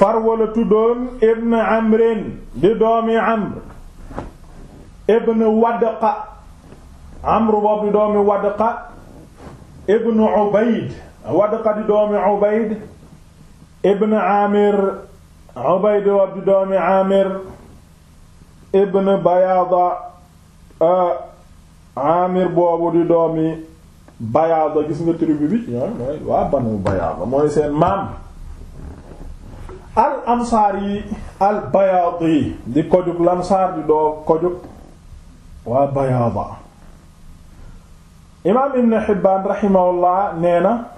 Farwa la tuddoon ibn Amrin di doomi Amr ibn Wadqa Amr boobu di doomi Wadqa ibn Ubayd Wadqa di doomi Ubayd ibn Amir Ubayd boobu di doomi Amir ibn Bayaada ah, Amir boobu di doomi Bayaada gis nga tribu bi mooy waa Banu Bayaada mooy seen maam al ansaar yi al bayaad yi di kojug lansaar di doo kojug waa bayaada imaam ibn Hibbaan raximahullah nee na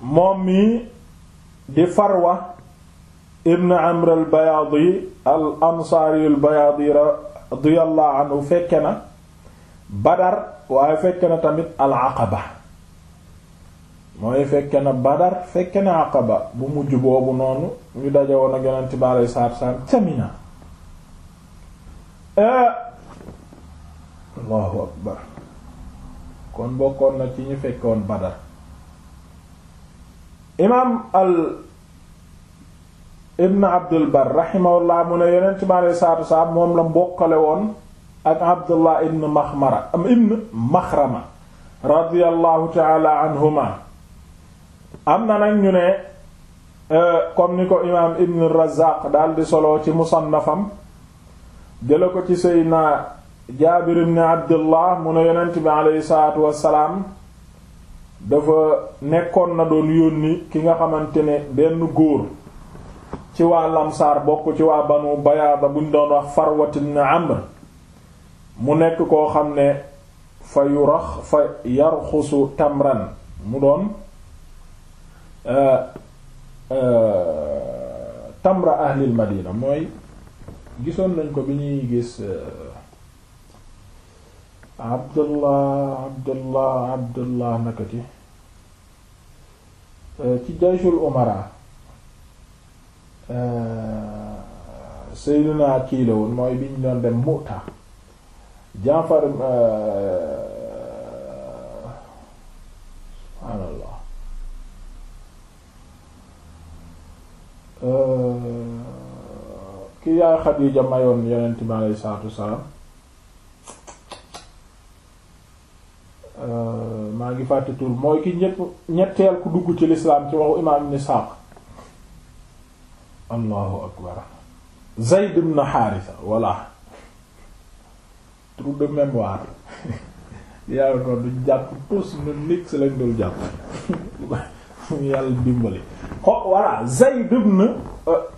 moom mi di farwa ibn amr al bayaadi al ansaari al bayaadi radiyallahu anhu fekke na badar waaye fekke na tamit al aqaba mooy fekke na badar fekke na aqaba bu mujj boobu noonu ñu daje woon ak yonent bi eh, allahu akbar kon bokkoon na ci ñu fekkoon badar imaam al ibn abdul bar mu ne yonent bi alei salatu moom la mbokkale woon ak abdullah ibn maxmara ibn maxrama radiyallahu taala anhuma am na nag ñu ne euh, comme ni ko imaam ibn razaq daal solo ci musannafam jëla ko ci seydna jaabir ibn abdullah mu ne yonent bi aleyhi salaatu wassalaam dafa nekkoon na doon yónni ki nga xamante ne benn góor ci waa lamsaar bokk ci waa banu bayaada buñ doon wax farwat ibn amr mu nekk koo xam ne fa yurax fa yarxusu tamran mu doon Euh, euh, tamra ahlil madina mooy gisoon nañ ko bi ñuy gis euh, abdullah abdullah abdullah nakati ci jayshul umara seydina kii la mooy bi ñu doon dem muta jaafar ki yaay Xadiija mayoon yonent bi alayhi salaatu wassalaam euh, maa ngi fàtte tur mooy ki ñépp ñetteel ku dugg ci lislaam ci waxu imaam ibn Isxaaq allahu akbar Zayd ibn Haarisa voilà trou de mémoire yàlla noonu duñ jàpp tous nu nix lañ dul jàpp yàlla dimbali ko voilà Zayd ibn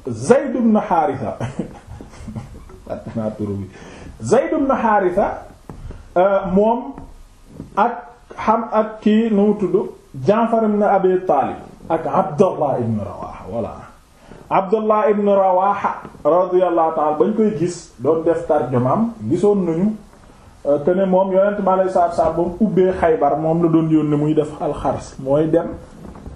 Zayd ibn Haritha euh, moom ak xam ak kii nu tudd Jaafar ibn Abi Taalib ak Abdallah ibn Rawaha voilà Abdallah ibn Rawaha radiyallahu ta'ala bañ koy gis doon def tarjumaam gisoon nañu te euh, ne moom yonent mi alayhi salaatu salaam ubbee Xaybar moom la doon yónnee muy def alxars mooy dem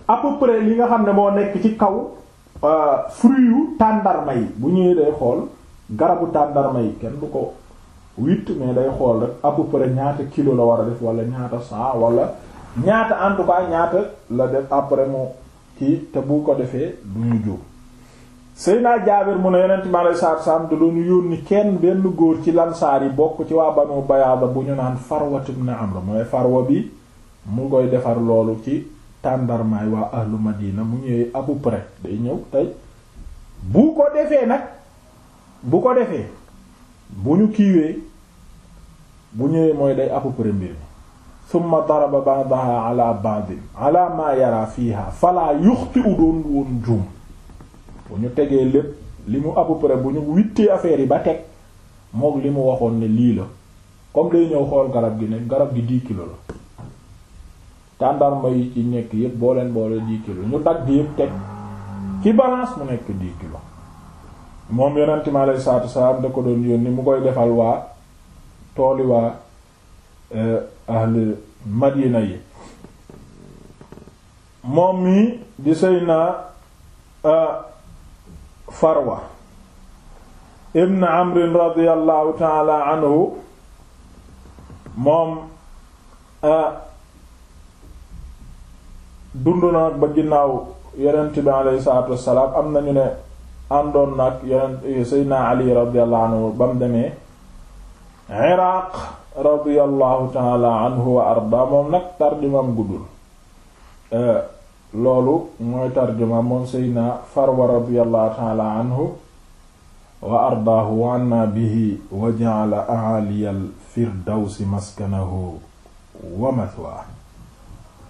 à peu li nga xam ne moo nekk ci kaw fruit yu tàndarma yi bu ñëwee day xool garabu tàndarma yi kenn du ko witt mais day xool rek à ñaata kilo la war a def wala ñaata saa wala ñaata en tout cas ñaata la def après mu ci te bu ko defee du ñu jóg Seydina Jaabir mu ne yonent mi alayhi salaatu salaam da doon yónni kenn benn góor ci lansaar yi bokk ci waa Banu Bayaada bu ñu naan Farwa ibn Amr mooy Farwa bi mu koy defar loolu ci tàndarmaay waa ahlu madina mu ñëwee à peu day ñëw tey bu ko defee nag bu ko defee bu ñu kiiwee bu ñëwee mooy day à peu près mbir ma summa daraba ba'daha ala ba'din ala ma yara fiha fala yuxti'u doon woon juum bu ñu tegee lépp li mu à peu bu ñu wittee affaire yi ba teg mook li mu waxoon ne lii la comme day ñëw xool garab gi ne garab gi 10 kilos la tàndarma yi ci nekk yëpp boo leen boole dix kilos ñu dagg yëpp teg ci balance mu nekk dix kilos moom yonent mi alayhi salaam da ko doon yónni mu koy defal waa tooli waa eh, ahli madina yi moom mi di sëy naa eh, farwa ibn amrin radiyallahu taala anhu moom eh, dund na nag ba ginnaaw yonent bi alayhi salaatu wassalaam am ne àndoon nag yonent ali radiyallahu anhu ba mu demee iraq radiyallahu taala anhu wa arda moom nag tarjumaam guddul loolu mooy tarjumaam moom seydna farwa radiyallahu taala anhu wa ardaahu wa anna bihi wa ja'ala a'aliyal firdawsi maskanahu wa mathwaahu